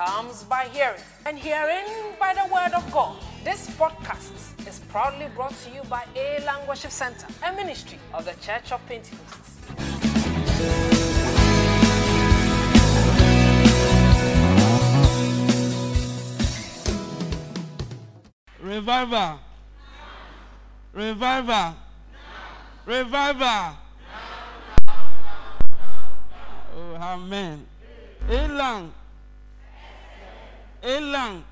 comes by hearing, and hearing by the Word of God. This podcast is proudly brought to you by A Lang Worship Center, a ministry of the Church of Pentecost. Revival. Revival. Revival. Oh, amen. Elang elang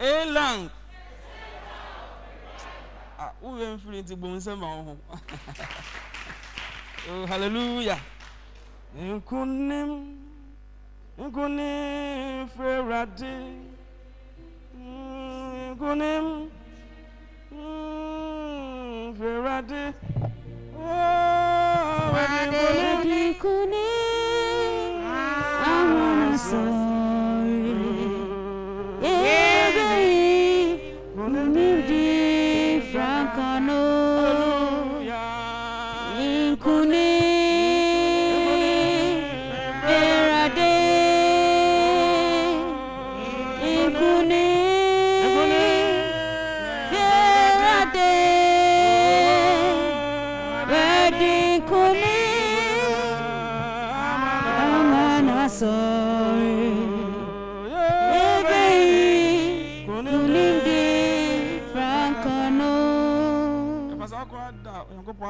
elang ah wúwo nfiri nti gbom nsẹm ọhún oh hallelujah nkunim nkunim fẹwurade nkunim fẹwurade oh wẹni nkunim nkunim awọn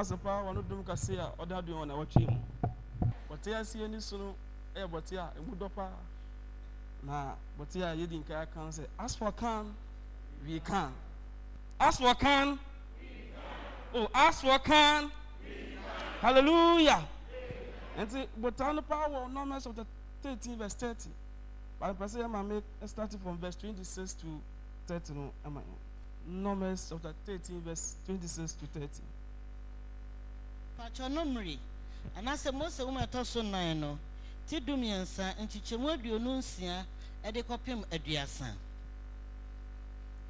asɛmpa wɔn dom kase a ɔde aduane wɔn na wɔtwe mu bɔte aseɛ ni so no ɛyɛ bɔte a emu dɔ paa na bɔte a yɛdi nkae aka sɛ as for can we can as for can oh as for can hallelujah nti bɔtaa no paa wɔ numbers chapter thirteen verse thirty but pɛsɛ yɛ maame starting from verse twenty-six to thirty no ɛma yɛn numbers chapter thirteen verse twenty-six to thirty. patro no mmiri anaasɛ mose nwoma ɛtɔ so nnan no ti du mmiɛnsa nkyekyɛmu aduonu nsia ɛde kɔpem aduasa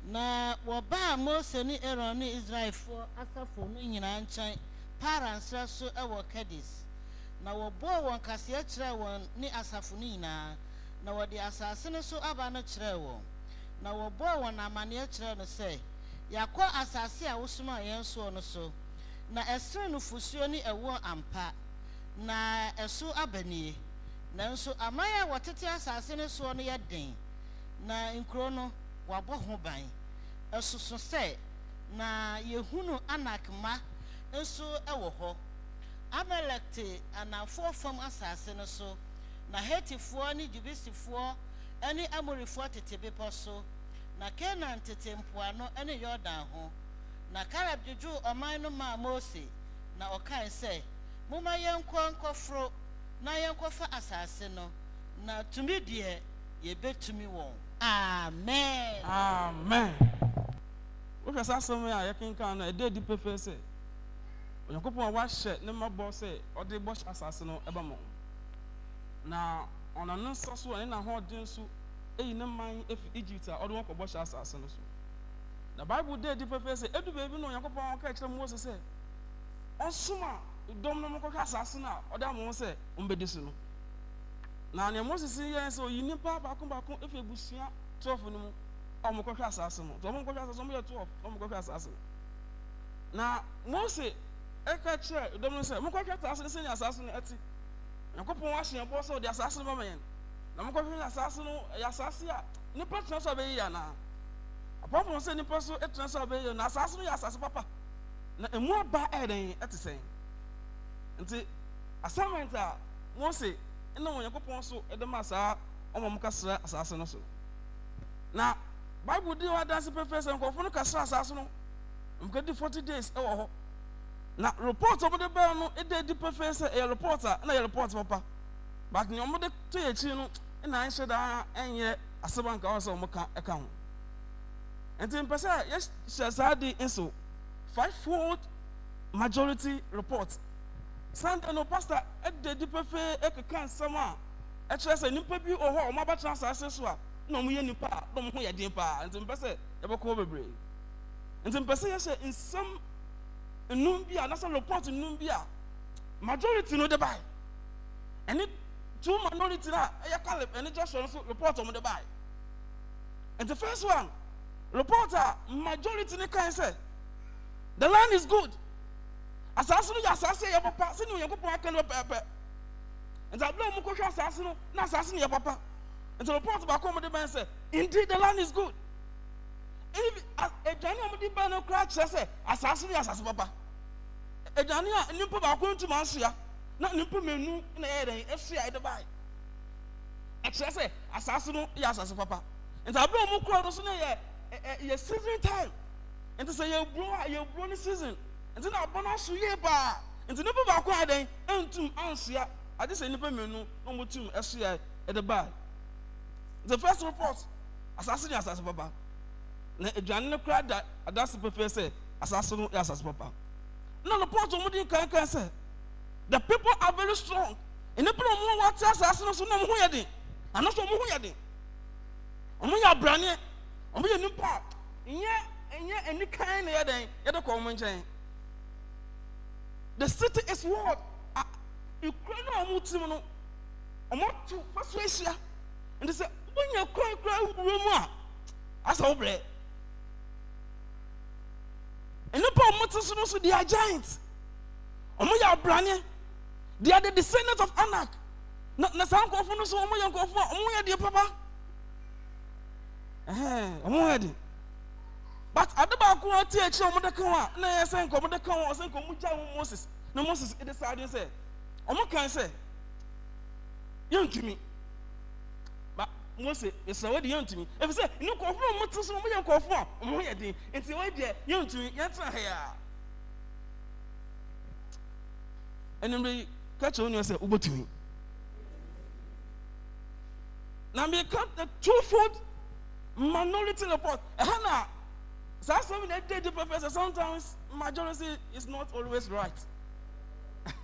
na wɔbaa mose ne aaron ne israelfoɔ asafo no nyinaa nkyɛn para nsra so ɛwɔ kadis na wɔbɔɔ wɔn kaseɛ kyerɛɛ wɔn ne asafo no nyinaa na wɔde asase no so aba no kyerɛɛ wɔn na wɔbɔɔ wɔn amanneɛ kyerɛɛ no sɛ yɛakɔ asase a wosomaa yɛn soɔ no so. na ɛsere no ne ɛwoɔ ampa na ɛso aba nie nanso aman a wɔtete asase no soɔ no yɛ den na nkuro no wabɔ ho ban ɛsoso sɛ na yɛhunu anakma nso ɛwɔ hɔ amalek te anafoɔ fam asase no so na hetifoɔ ne jubisifoɔ ɛne amorifoɔ tete bepɔ so na kenan tete mpoano ɛne yɔdan ho na kaleb jụjụ ɔman no maa mose na ɔkae sɛ momma yɛnkɔ nkɔforo na yɛnkɔfa asase no na tumi deɛ yɛbɛtumi wɔn amen amen wohwɛ sɛ asɛm a yɛkenkan no ɛda adi pɛpɛ sɛ onyankopɔn a wahyɛ ne mmabɔ sɛ ɔde bɔhyɛ asase no ɛba ma wo na ɔnano nsa so a ne nahoɔden so ɛyi ne man ɛfi egypt a ɔde wɔn kɔbɔhyɛ asase no so na bible dɛ di pɛpɛ sɛ edu beebi na onyankopɔn ɔka kyerɛ mu wɔsɛ sɛ ɔsom a dɔm no mokɔhwɛ asase no a ɔde ama wɔn sɛ ɔmbɛdi so no na nea moses yɛ sɛ oyi nipa baako baako efi ebusua twelve no mu a ɔmokɔhwɛ asase no tɔ ɔmokɔhwɛ asase ɔmo yɛ twelve ɔmokɔhwɛ asase no na mose ɛka kyerɛ dɔm no sɛ mokɔhwɛ asase no sɛnea asase no ɛte onyankopɔn ahyɛ bɔ sɛ ɔde asase no bɛma yɛn na mokɔhwɛ asase no ɛyɛ asase a nipa tena so a bɛyi yɛ anaa apart from sɛ nipa so tena sɛ ɔbɛyɛ na asase no yɛ asase papa na emu aba ɛyɛ dɛn ɛte sɛn nti assignment a wɔn se ɛna wɔn nyankopɔn so ɛde ma saa ɔmo mo kasra asase no so na bible di wa dansi pɛpɛ sɛ nkɔfo no kasra asase no nkɔdi forty days ɛwɔ hɔ na report a wɔde bɛyɛ no ɛda edi pɛpɛ sɛ ɛyɛ report a ɛna ɛyɛ report papa but nea wɔde to yɛ akyi no ɛna ahyɛ daa ɛnyɛ asɛm a nka wɔn sɛ wɔn ka ɛka ho nti mpɛ sɛ yɛhyɛ saa de five fivefold majority report sunday no pastor ɛda di pɛfɛɛ ɛkeka nsɛm a ɛkyerɛ sɛ nnipa bi wɔ hɔ a wɔn abɛtena asase so a na wɔn yɛ nnipa a na wɔn ho yɛ den paa nti mpɛ sɛ yɛbɛkɔ bebree nti mpɛ sɛ yɛhyɛ nsɛm nnum bi a anasɛ report nnum bi a majority no de bae ɛne two minority no a ɛyɛ kalib ɛne joshua no so report wɔn de bae nti first one reporter majority ni kan sɛ the land is good asase no yɛ asase yɛ papa sani o yɛ kó pɔn aka no pɛpɛ nti abúlé ɔmo kɔhwɛ asase no na asase no yɛ papa nti report baako ɔmo de bɛn sɛ indeed the land is good ebi aduane a ɔmo de bɛn no kura kyerɛ sɛ asase no yɛ asase papa aduane a nipa baako ntoma nsoa na nipa mmienu na ɛyɛ dɛn ɛsoa ɛde baa ɛkyerɛ sɛ asase no yɛ asase papa nti abúlé ɔmo kura no so no yɛ. Eh, eh, yɛ season time nti sɛ yɛ buro a yɛ buro ne season nti na abɔ n'aso yie paa nti nipa baako a dɛn ntum ansia adi sɛ nipa mmienu na wɔn tum ɛsoa ɛde baa the first report asase ne asase papa na aduane no kura da adaase pɛpɛ sɛ asase no yɛ asase papa na report wɔn de kankan sɛ the people are very strong nipa na wɔn wɔ ate asase no so na wɔn ho yɛ den anaso wɔn ho yɛ den wɔn yɛ abraneɛ ɔmo yɛ nipa nyɛ nyɛ enikan na yɛdɛn yɛde kɔ ɔmo nkyɛn the city is what a ekura na ɔmo ti no ɔmo to faso ahyia nti sɛ wonya kura kura wura mu a asa wo brɛ nipa ɔmo ti so no so they are giants ɔmo yɛ abrane they are the descendants of anak na na saa nkɔfo no so ɔmo yɛ nkɔfo a ɔmo yɛ deɛ papa ɔmo yɛ den but ade baako a ti akyire ɔmo de ka ho a na yɛ sɛ nka ɔmo de ka ho ɔsɛ nka ɔmo gya ho moses na moses de saa adeɛ sɛ ɔmo kan sɛ yɛntumi ba mose esra wɔ de yɛntumi efisɛ ne nkɔfo a ɔmo te so ɔmo yɛ nkɔfo a ɔmo yɛ den nti wɔn deɛ yɛntumi yɛntena ha yɛa ɛnum yi kɛkyɛ wɔn nua sɛ ɔbɛtumi na mi ka the two fold minority report ɛhɛ na saa asɛm mi na ɛde di pɛpɛ sɛ sometimes majority is not always right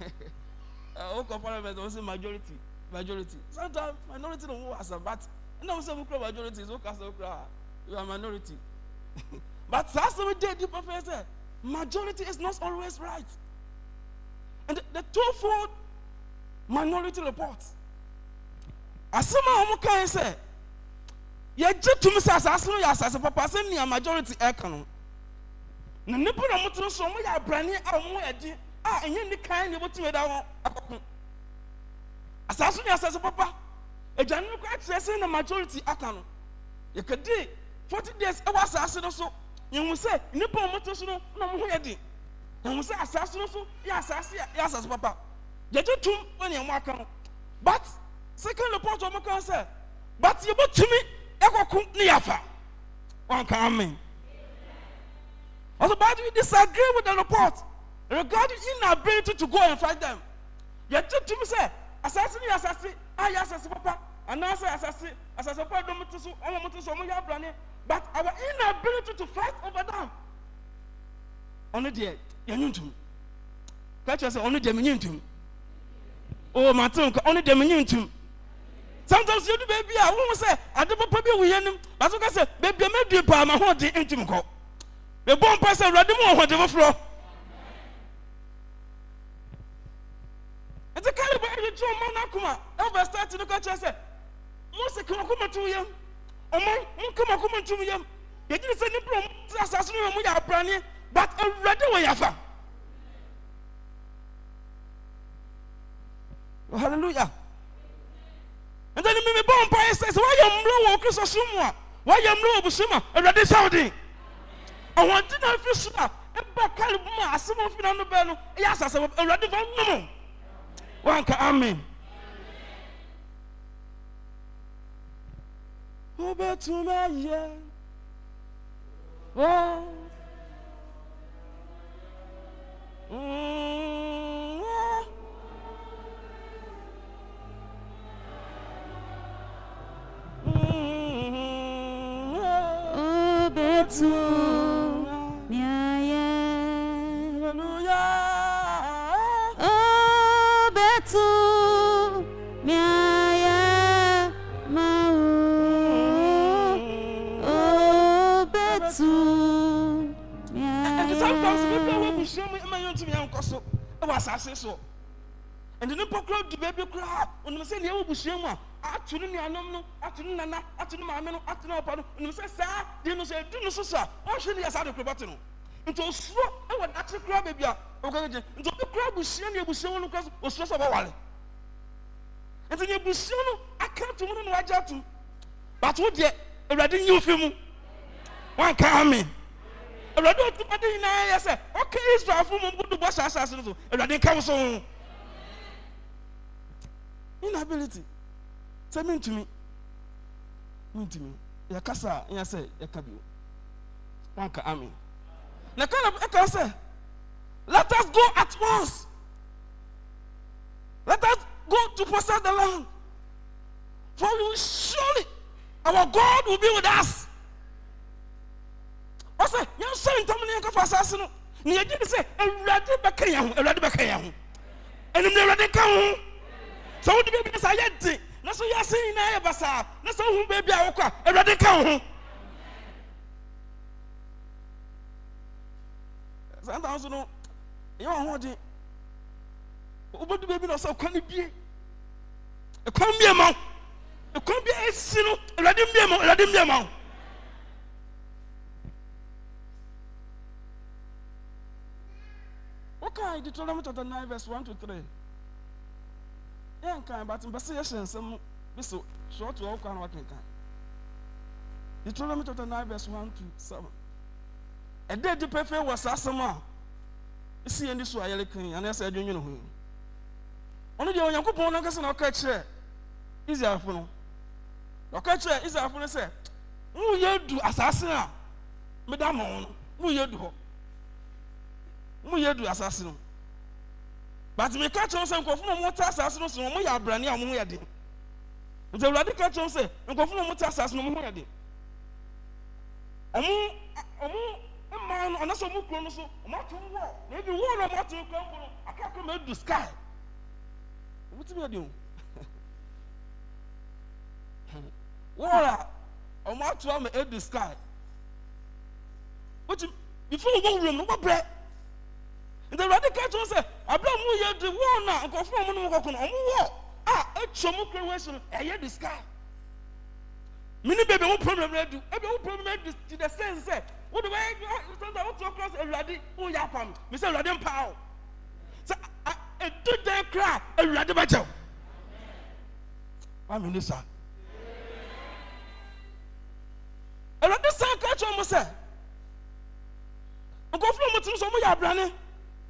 ɔkɔ parliament ɔsɛ majority majority sometimes minority na ɔmo asa but ɛna ɔmo sɛ ɔmo kura majority so ɔka sɛ ɔkura you are minority but saa asɛm mi de di pɛpɛ sɛ majority is not always right and the, the twofold minority report asɛm a ɔmo kan sɛ yɛgye tum sɛ asase no yɛ asase papa sɛ nea majority ɛka no na nnipa na ɔmotene so ɔmoyɛ abrane a ɔmo ɛgye a ɛnyɛ nni kan ne ɛbɛtumi da hɔ akɔko asase no yɛ asase papa aduane no koraa kyerɛ sɛ na majority aka no yɛkɛdi forty days ɛwɔ asase no so yɛhu sɛ nnipa a ɔmotene so no na ɔmo ho yɛ den yɛhu sɛ asase no so yɛ asase yɛ asase papa yɛgye tum wɔ nea ɔmo aka no but second report ɔmo kan sɛ but yɛbɛtumi ɛkɔko ne yɛafa wanka amen also but we disagree with the report regarding inability to go and fight them yɛgye tom sɛ asase ne yɛ asase a yɛ asase papa anaasɛ asase asase papa dɔm te so ɔmo mo te so ɔmo yɛ abrane but our inability to fight over them ɔno deɛ yɛnyi ntom ka kyerɛ sɛ ɔno deɛ menyi ntom o mate nka ɔno deɛ menyi ntom sometimes yɛdu baabi a wohu sɛ ade papa bi wo yɛnim baso ka sɛ baabia mɛdue paa ma hoɔden ntim kɔ mebɔ mpa sɛ awurade mu wɔ hoɔden foforɔ nti kale bɔ ɛdwetwe ɔma no akoma ɛbɛ start no ka kyerɛ sɛ mose kama koma to yam ɔma monkama koma ntom yam yɛgyene sɛ nnipa ɔmte asase no mu yɛ abraneɛ but awurade wɔ yɛafa hallelujah nti ni mímí bọ́ mpa yẹ sẹ sẹ wáyẹ mmerẹ wọ kristu sum a wáyẹ mmerẹ wọ busum a awurade sẹ ọdín àwọn dín náà fi so a ẹba kárí mu a asem òfin náà bẹ́ẹ̀ no ẹyẹ asase wọ awurade fún ọmọ wọn ka amen. mo bẹ tún bá yẹ wọ́n. baabi koraa onim sɛ nea ɛwɔ busua mu a ato no nuanom no ato no nana ato no maame no ato no ɔpa no onim sɛ saa deɛ no sɛ ɛdu no so sa ɔhwɛ ne yɛ saa de koro bɛte no nti osuro ɛwɔ dakyere koraa baabi a ɔkɔkɔgye nti obi koraa busua ne abusua mu no koraa so osuro sɛ ɔbɛware nti ne abusua no aka to mu no na wagye ato bato deɛ awurade nyi ofi mu wanka ame awurade otumade nyinaa yɛ sɛ ɔka israelfo mu gudu bɔ saa asase no so awurade nka wo so inability sɛ mentumi mentumi yɛkasa a ɛyɛ sɛ yɛka bio wanka amen na kana ɛka sɛ let us go at once let us go to possess the land for we will surely our god will be with us ɔsɛ yɛnsɔre ntam ne yɛnkɔfa asase no ne yɛgye ne sɛ awurade bɛka yɛn ho awurade bɛka yɛn ho ɛnim ne awurade ka ho sɛ wode baabi sa yɛ den na so yɛase nyinaa yɛ basaa na sɛ wohu baabi a wokɔ a awurade ka wo ho saa ntam so no ɛyɛ wɔ hoɔden wobɛdu baabi na ɔsɛ ɔkwa no bie ɛkwan bie ma wo ɛkwan bia ɛsi no awurade mbie ma wo awurade mbie ma wo wokaa deuteronomy chapter 9 verse 1 to 3 yɛnkan but mbɛsɛ yɛhyɛ nsɛm bi so hyɛ ɔto ɔwɔ kwan na wakenkan deuteronomy chapter nine verse one to seven ɛdɛ di pɛfɛ wɔ saa asɛm a esi yɛn di so a yɛre kan anaasɛ ɛdwennwene ho yi ɔno deɛ onyankopɔn nankasa na ɔka kyerɛ israelfo no ɔka kyerɛ israelfo no sɛ mo yɛ du asase a meda ma wo no mo yɛ du hɔ mo yɛ du asase no but mi ka kyerɛw sɛ nkɔfo na ɔmo te asase no so no ɔmo yɛ abrane a ɔmo ho yɛ den nti awurade ka kyerɛw sɛ nkɔfo na ɔmo te asase no ɔmo ho yɛ den ɔmo ɔmo mmaa no ɔno ɔmo kuro no so ɔmo ato wɔ na ebi wɔ na ɔmo ato kura mpo no akaka ma edu sky ɔmo ti mi yɛ den o wɔ a ɔmo ato ama edu sky wotu bifo wɔn wɔ wuram no wɔbrɛ nti awurade ka kyerɛ sɛ abira mu yɛ di wɔn na nkɔfo a wɔn nom kɔkɔ no wɔn wɔ a etwa mu kura wɔn esi no ɛyɛ sky. sika mini bebe wo problem na du ebi wo problem na du ti the sense sɛ wo de wɔyɛ sɛnta wo tɔ kura sɛ awurade wo yɛ apam mi sɛ awurade mpa o sɛ a edu dan kura awurade bɛ kyɛw wa mi ni sa awurade san ka kyerɛ mo sɛ nkɔfo a mo ti so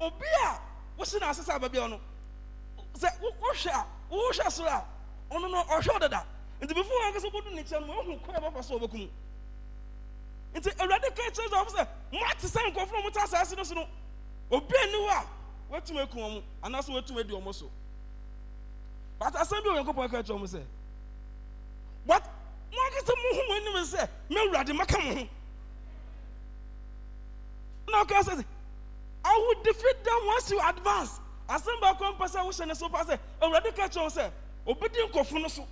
obi a wosi na asesa abɛbi ɔno sɛ wɔhwɛ a wɔhwɛ soro a ɔno no ɔhwɛ ɔdada nti bifu wɔn ankasa wɔdu ne kyɛn no wɔn kɔ ɛbɛfa so ɔbɛkum nti awurade ka kyerɛ sɛ ɔfisɛ mo ate sɛ nkɔfoɔ mo te asase no so no obi ani hɔ a wɔatum ekum wɔn anaasɛ wɔatum edi wɔn so bata asɛm bi wɔn nkɔpɔ ɛka kyerɛ wɔn sɛ but mo ankasa mo ho mo anim sɛ mɛ awurade mɛka mo ho na ɔka sɛ I will defeat them once you advance. Asɛm baako mpɛ sɛ wohyɛ ne so pa sɛ awurade ka kyerɛ wo sɛ obɛdi nkɔfo no so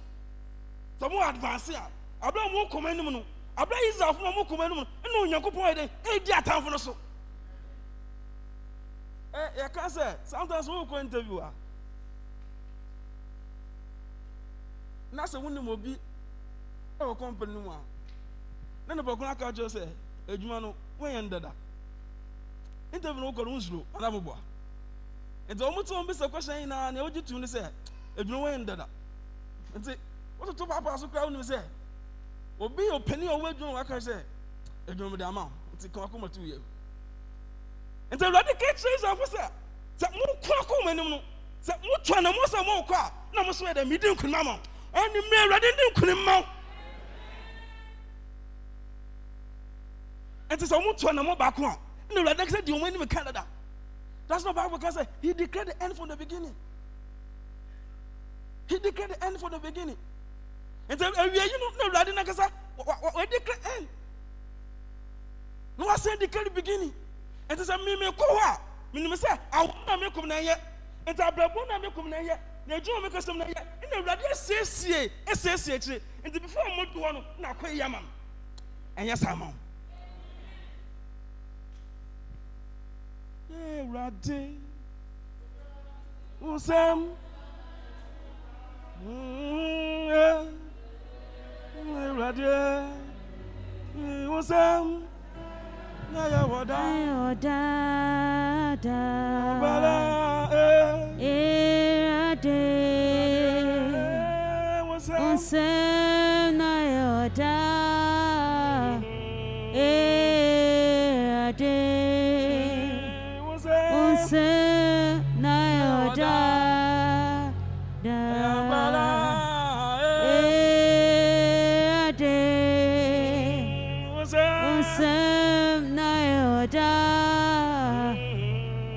sɛ mo advance a abera mo kɔma anim no abera israelfo ma mo kɔma anim no ɛna onyankopɔn yɛ dɛn ɛredi atamfo no so ɛ yɛka sɛ sometimes wowokɔ interview a na sɛ wonim obi ɛwɔ company no mu a na ne bɔko no aka kyerɛ sɛ adwuma no woyɛ ndada interview no wokɔ no wonsuro ana mobɔa nti ɔmo te ɔmo bisa question nyinaa nea wogye tum no sɛ adwuma wɔn yɛ ndada nti wototo paapaa so koraa wonim sɛ obi opani a ɔwɔ adwuma waka sɛ adwuma mo de ama wo nti kan akoma tu yɛ nti awurade ka kyerɛ israelfo sɛ sɛ mokɔ akoma anim no sɛ motwa na mosɛ mokɔ a na moso yɛ dɛ medi nkonim ama wo ɛne mmerɛ awurade ne nkonim ma nti sɛ motwa na mo baako a No, the next day you went in Canada. That's not Bible because uh, he declared the end from the beginning. He declared the end from the beginning. And so uh, you know no Radina Kasa we declare end. No, I said declare the beginning. And so me me kowa. Me me say I want to make come na here. And so abrabo na make come na here. Na ju me custom na here. And the Radina say say say say. And before I mo do one na kwai yamam. And yes I amam. Ewurade nsɛm eh, Ewurade nsɛm na yɛ wɔ daa. Ayọ̀ dáadáa. Ọ̀bẹ̀rẹ̀ ee. Ewurade nsɛm.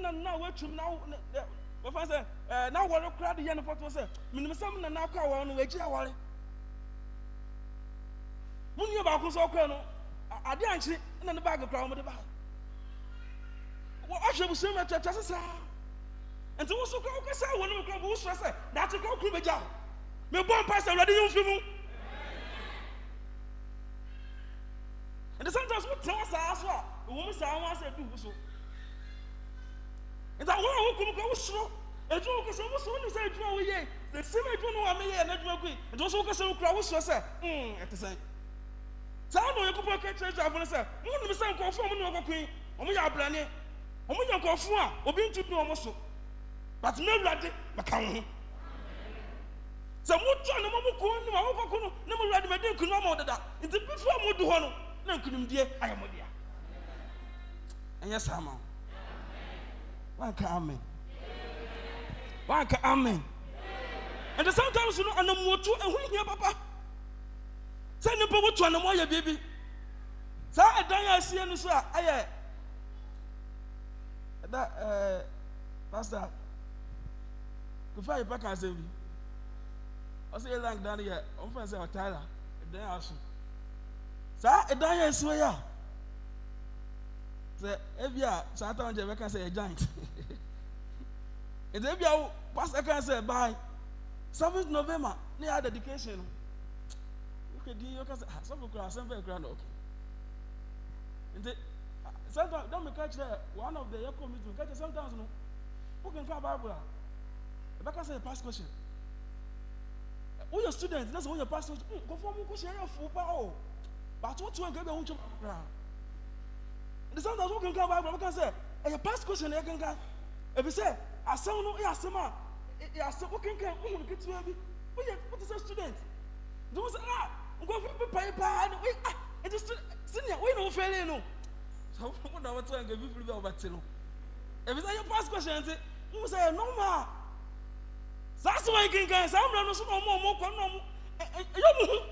na na watwam na wɔfa sɛ ɛɛ eh, na wɔre kora de yɛ no pɔtɔ sɛ menim sɛ mo nana akɔ a wɔre no wɔakyi awɔre mo nua baako nso ɔkɔɛ no ade ankyere na ne baage kora wɔn de baa wɔ ɔhwɛ busua mu ɛtɔtɔ sisan nti wosu kora wokasa wɔ ne mu kora wosu sɛ daate kora okuru bɛgya o mebɔ mpa sɛ awurade yɛn fi mu nti sometimes wotena wɔ saa so a wɔn mu saa wɔn asɛ du wu so nti àwọn àwọn kò mu kò wosoro edwuma kò sọ wosoro wọn sẹ edwuma wọn yẹ esim edwuma no wà mí yẹ n'edwuma gu yi nti wosoro kò sọ wokura wosoro sẹ hmm ẹti sẹ saa na oyekun pọ kẹkẹrẹ ẹkẹrẹ afọ sẹ wọn num sẹ nkọfọ wọn ni wọn kọkọ yi wọn yẹ abrane wọn yẹ nkọfọ a obi ntu bi wọn so bàtí mẹwura de bàtà wọn ho sɛ motɔ ne mɔmo kɔ ne ma wokɔko no ne mo wurade mɛde nkunim ama wo dada nti before modu hɔ no na nkunimdeɛ ayɛ mo dea ɛnyɛ saa ma wo wanka amen wanka amen And sometimes you no anamuotu ɛho hia papa sɛ nipa wotu anamu ayɛ biribi saa ɛdan a asie no so a ayɛ ɛda ɛɛ pastor kofi ayi paka asɛm bi ɔsɛ yɛ lank dan yɛ ɔmfɛn sɛ ɔtaara ɛdan aso saa ɛdan a asie yɛ a sɛ ebi a saa ata wɔn gye bɛka sɛ yɛ giant nti ebi a pastor kan sɛ bye seventh november ne yɛ dedication no wokɛ di yɛ ka sɛ ah sɔfo kura asɛm fɛ kura na ɔkɛ nti sometimes dɔn mi ka kyerɛ one of the yɛ committee, meeting ka kyerɛ sometimes no wokɛ nka bible a ɛbɛka sɛ yɛ pass question woyɛ student na sɛ woyɛ pass question hmm, nkɔfɔ mu kɔ hyɛ yɛ fo pa o baatu wotu nkɛ bi a wotwa mu kura the sometimes wo kankan bible wo kan sɛ ɛyɛ past question na yɛ kankan ebi sɛ say, no yɛ eh, asɛm a yɛ asɛm wo kankan wo hun ketewa bi wo yɛ wo ti student de wo sɛ ah nkɔfo bi pa yi paa ne wo ah eti eh, ah, eh, student senior wo yi na wo fɛn lee no sɛ wo na wo tɛ nka ebi firi bi a wo ba ti no ebi sɛ yɛ past question ti wo sɛ yɛ normal saa asɛm a yɛ kankan saa mìíràn no so na ɔmo ɔmo kɔ na ɔmo ɛ ɛ yɛ ɔmo ho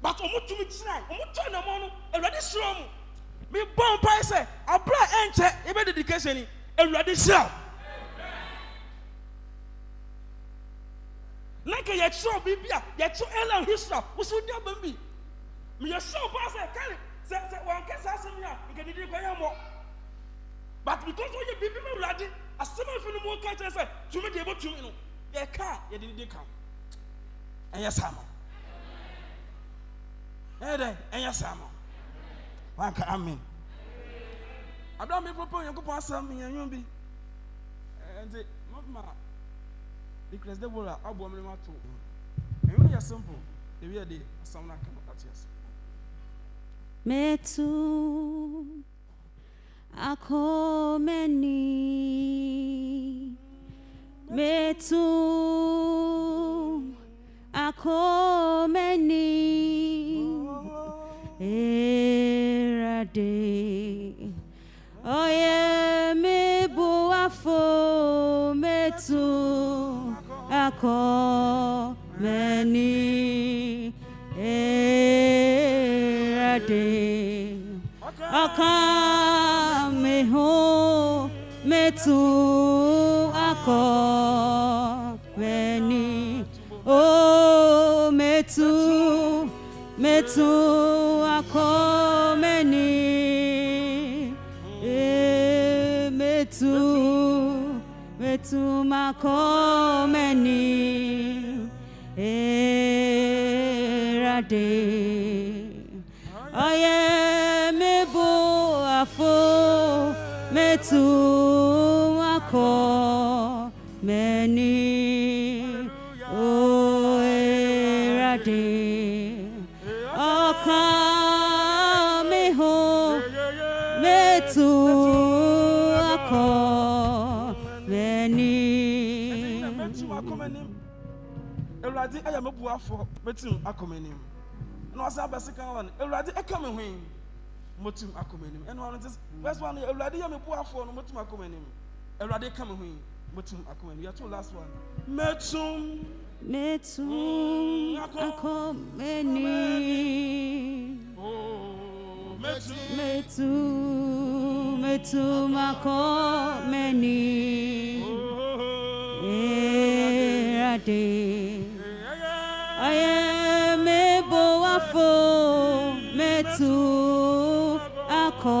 but ɔmo tumi gyina yi ɔmo tɔ ɛnɛmɔ no ɛwɛ de srɔ mo me bɔ mpae sɛ abira ɛnkyɛ ebe dedication yi ewurade hyia nanka yɛkyerɛw biribi a yɛkyerɛw ɛlɛn history a wosow di abam bi me yɛhyerɛw paa sɛ kari sɛ sɛ wɔn kɛ saa asɛm yi a nka didi kɔ yɛ mɔ but because wɔyɛ biribi ma ewurade asɛm afi no mu ɔka kyerɛ sɛ tumi deɛ ebo tumi no yɛka yɛde didi kan ɛnyɛ saa ma ɛyɛ dɛ ɛnyɛ saa ma wanka amen abira mi popo nyankopɔn asɛm nyanyo bi nti mɔfuma nicholas debola aboa mi ma to ɛnwi yɛ simple ebi yɛ de asɛm na aka ati ase. metu akomeni metu akomeni. Oh. Eh ade oye mi bu afo metu akọ mẹni ade ọkàn mi hó metu ako. to makomeni erade. Eh, abuafo bɛtim akɔ m'anim na ɔsan abɛsi kan wɔ no awurade ɛka me hwee motum akɔ m'anim ɛna ɔno te first one awurade yɛ me buafo no motum akɔ m'anim awurade ɛka me hwee motum akɔ m'anim yɛto last one mɛtum mɛtum akɔ m'anim mɛtum mɛtum akɔ m'anim awurade. Yesu akọ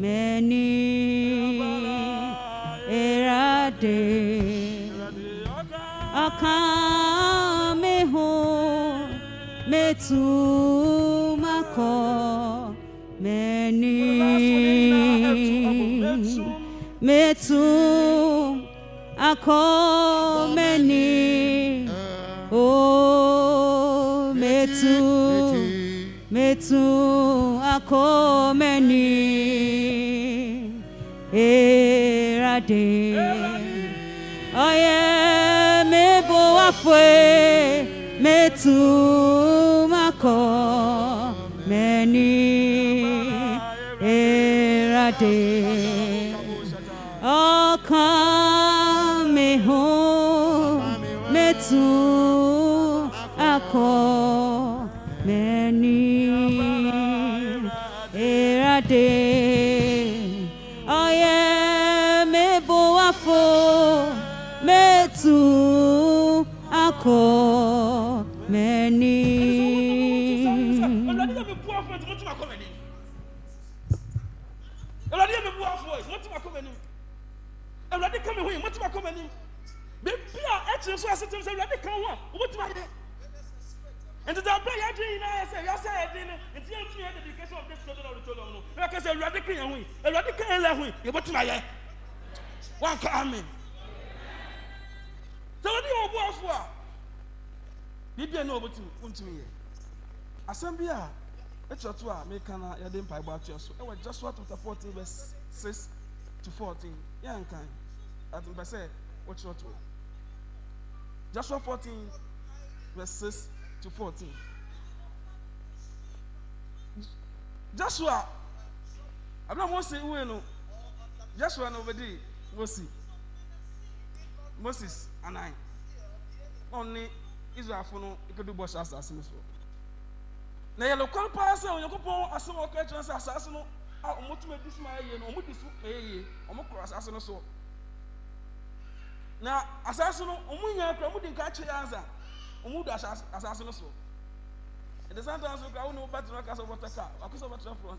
meni erade ọkàn mi hù metu makọ meni metu akọ meni. tun akomeni erade oye mebo afue metu mako meni erade ọkàn mi hùn metu. adwene yɛn ho yi awurade ka yɛn lɛ ho yi yɛbɛtumi ayɛ wanka amen sɛ wɔde yɛ ɔbu afo a biribi a na wɔbɛtumi wɔntumi yɛ asɛm bi a ɛkyerɛ to a meka na yɛde mpaebɔ atoɛ so ɛwɔ joshua chapter fourteen verse six to fourteen yɛn nkan mpɛ sɛ wɔkyerɛ to joshua fourteen verse six to fourteen joshua abena mose nwee no joshua na obedi wosi moses anan na ɔne israelfo no ekodu bɔ hyɛ asase no so na yɛ lɛkɔn paa sɛ onyankopɔn asɛm a ɔka kyerɛ sɛ asase no a wɔtumi adi so ma ɛyɛ no wɔn di so ma ɛyɛ wɔn asase no so na asase no wɔn nyinaa kura wɔn di nka kyerɛ ansa wɔn du asase no so ɛdesanta nso kura wɔn na wɔn bɛtena kasa wɔn tɛ kaa wakɔsɛ wɔn bɛtena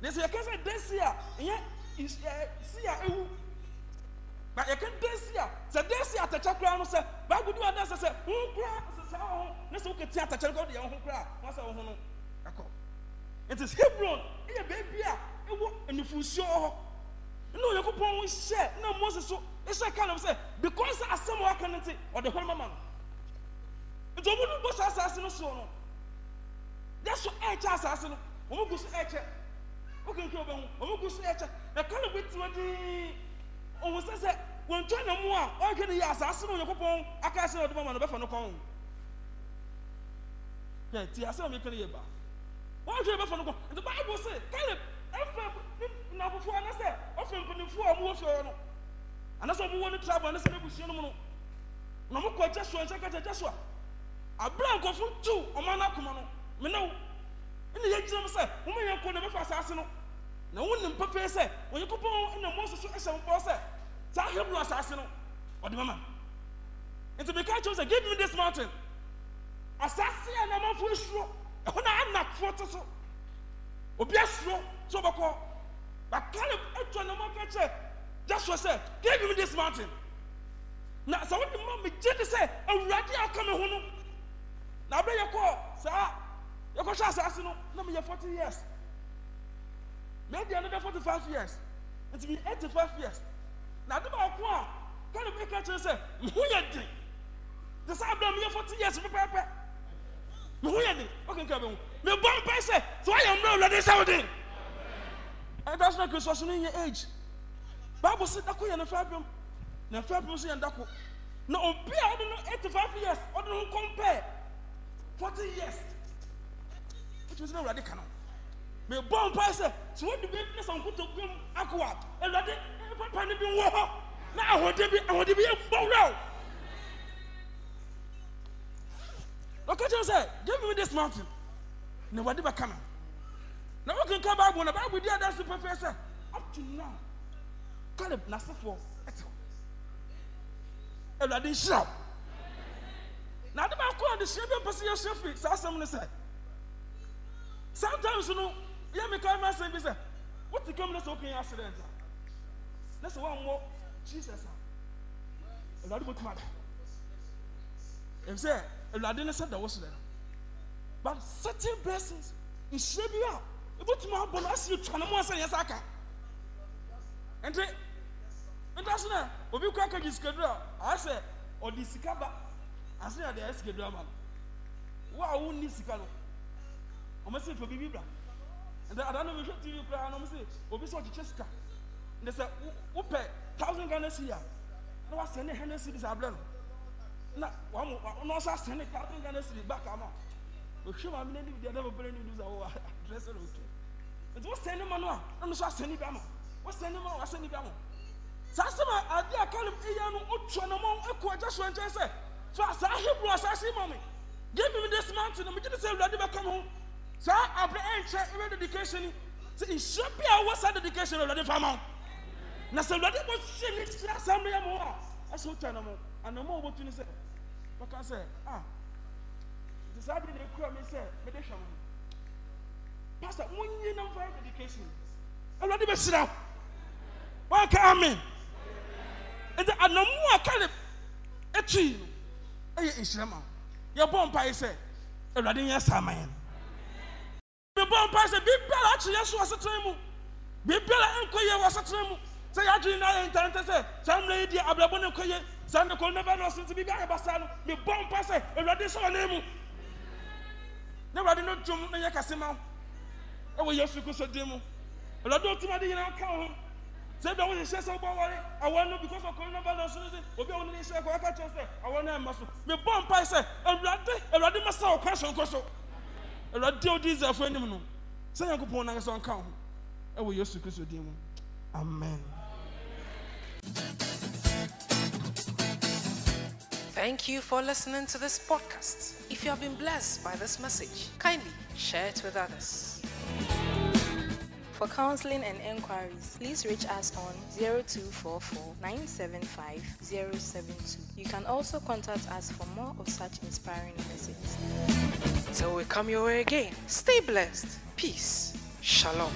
na sɛ yɛka sɛ dasi a ɛyɛ si a ewu na yɛka dasi a sɛ dasi atɛkyɛ koraa no sɛ baabu di wa dan sɛ sɛ ho koraa sɛ sɛ ho ne sɛ wokɛ ti atɛkyɛ no kɔ de yɛn ho koraa wɔn sɛ ho no ɛkɔ is hebron ɛyɛ ah, oh, oh. beebi a ɛwɔ nufusuo hɔ na onyankopɔn hyɛ na mose so ɛhyɛ oh, ka nam sɛ because asɛm a waka no nti ɔde hɔ mama no nti ɔmo no bɔ saa asase no soɔ no yɛ so ɛɛkyɛ asase no ɔmo gu so ɛɛkyɛ okuntu ọbẹ ho ọmọ gu so ẹkyẹ ẹkọlọ bi tena dii ọwọ sẹ wọn twẹ ne mu a ọhwẹ ne yẹ asase na onyankopɔn aka ase na ɔde ma no bɛfa no kɔn yɛ ti ase na ɔmeka ne yɛ ba ɔhwɛ ne bɛfa no kɔn nti baibu sɛ kaleb ɛnfɛ ne nafofo anasɛ ɔfɛ mpanimfo a ɔmo wɔ fie no anasɛ ɔmo wɔ ne travel anasɛ ne busua na ɔmo kɔ ɛkyɛ so ɛnkyɛ a abira nkɔfo tu ɔmo anakoma no menaw ɛna yɛ gyina mu sɛ ɔmo yɛ nkɔ na ɛbɛfa asase no na wonim pɛpɛɛ sɛ onyankopɔn na mose so ɛhyɛ mpɔ sɛ saa hebrew asase no ɔde mama nti meka kyerɛ sɛ give me this mountain asase a namanfoɔ asuro ɛhɔ na anafoɔ te so obi asuro sɛ ɔbɛkɔ but caleb atwa nnɔma ka kyerɛ joshua sɛ give me this mountain na sɛ wode ma megye de sɛ awurade a ɔka me ho no na aberɛ yɛkɔɔ saa yɛkɔhyɛ asase no na meyɛ 40 years maybe another forty five years nti mi eighty five years na adi baako a kọ́ni mi ká kyerɛ sɛ mihu yɛ den te sɛ abirɛ mi yɛ forty years pɛpɛɛpɛ mihu yɛ den ɔkè nkà bɛ hu mi bɔ mpɛ sɛ tí wọ́n yɛ mmerɛ ɔlɔdi sɛ ɔdi ɛdásínà kristu ɔsùn ní yɛ age baabu si dako yɛ ne fɛ abirɛ mu na fɛ abirɛ mu si yɛ dako na obi a ɔdi no eighty five years ɔdi no compare forty years ɛtùmí sɛ ɛwurade kan no mebɔ mpae sɛ sɛ wode bɛbine sɛ nkotɔ biam akoa awurade papa no bi nwɔ hɔ na ahode bi ahode bi ɛmbɔ werɛ wo ɔka kyerɛ sɛ give me this mountain na awurade bɛka me na wokenka bible na bible di adanse pɛpɛ sɛ up to now kaleb nasefoɔ ɛte hɔ awurade nhyira wo na ade baako a adesua bi mpɛ sɛ yɛsua firi saa asɛm no sɛ sometimes you no know, yẹ mi kọ́ ẹ máa sẹ́yìn bí sẹ́ wọ́n ti kẹ́mi lẹ́sẹ̀ ókè yẹn accident a lẹ́sẹ̀ wọ́n mọ jesus a ẹ̀rọ̀dé mo tún àdá ẹ̀fisẹ́ ẹ̀rọ̀dé ní sẹ́dá wọ́n sílẹ̀ but certain blessings ìṣe bi a ebi tún máa bọ̀ lọ́sí ìtura ní mọ́ ẹsẹ̀ yẹn sáka ẹ̀ntì ẹ̀ntì asin náà obi kọ́ akẹ́kẹ́ sikadura àásẹ̀ ọ̀dì sika ba asin náà dẹ̀ ẹ̀ sikadura ma wọ́n a wọ́n ní sika no ọmọ sẹ́yìn fẹ́ bíbí bra nti adaa no mehwɛ tv koraa na ɔmo sɛ obi sɛ ɔkyekyɛ sika nti sɛ wopɛ thousand ghana si a na wasɛn ne hundred cedis abrɛ no na wɔn na ɔsɛ asɛn ne thousand ghana si back ama ohwɛ maame n'anim deɛ ɛdɛm ɔbɛrɛ ne news a wɔwɔ adresse no otu nti wɔsɛn ne ma no a na no nso asɛn ne bi ama wɔsɛn ne ma no wɔasɛn ne bi ama saa asɛm a ade a kalem eya no otua na ɔmo ekɔ agya so nkyɛn sɛ fa saa hebrew asase ma mi give me this mountain na megye ne sɛ awurade bɛka me ho saa abere ɛnkyɛ ɛyɛ dedication yi sɛ nhyia bi a ɛwɔ saa dedication awurade ah, fa eh, eh, eh, ma na sɛ awurade bɔ hyia ne hyia saa mmea mu a ɛsɛ otwa ne mu anam a wɔbɛtu ne sɛ wɔka sɛ a nti saa bi na ekura mi sɛ mede hwɛ mo pastor mo nyi na mfa yɛ dedication awurade bɛhyira wɔaka amen nti anam a ka ne etui no ɛyɛ nhyira ma yɛbɔ mpa yi sɛ awurade nyɛ saa ma yɛn mebɔ mpa sɛ biribiara akye yɛ so asetena mu biribiara nkɔ yie wɔ asetena mu sɛ yɛadwene no ayɛ ntɛntɛ sɛ saa mmerɛ yi deɛ abrabɔ no nkɔ yie saa nde kɔ nnɛbɛ nɔɔso nti biribi ayɛ basaa no mebɔ mpa sɛ awurade sɛ ɔne mu na awurade no dwom na yɛ kase ma wo ɛwɔ yesu kristo din mu awurade ɔtum ade nyinaa ka wo ho sɛ bi a wohyehyɛ sɛ wobɔ wɔre awɔ no because ɔkɔ nnɛbɛ nɔɔso no sɛ obi a wo ne ne hyɛ kɔ aka kyerɛ sɛ awɔ no ɛmma so mebɔ mpa sɛ awurade awurade mɛsa wo kwan sonkɔ so awurade odi israelfo anim no sɛ nyankopɔn sɛ ɔnka ho ɛwɔ yesu kristo din mu amen Thank you for listening to this podcast. If you have been blessed by this message, kindly share it with others. For counseling and enquiries, please reach us on 0244 975 072. You can also contact us for more of such inspiring messages. Till we come your way again, stay blessed. Peace. Shalom.